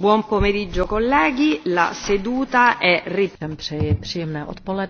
Buon pomeriggio, colleghi. La seduta è Přeji příjemné odpoledne.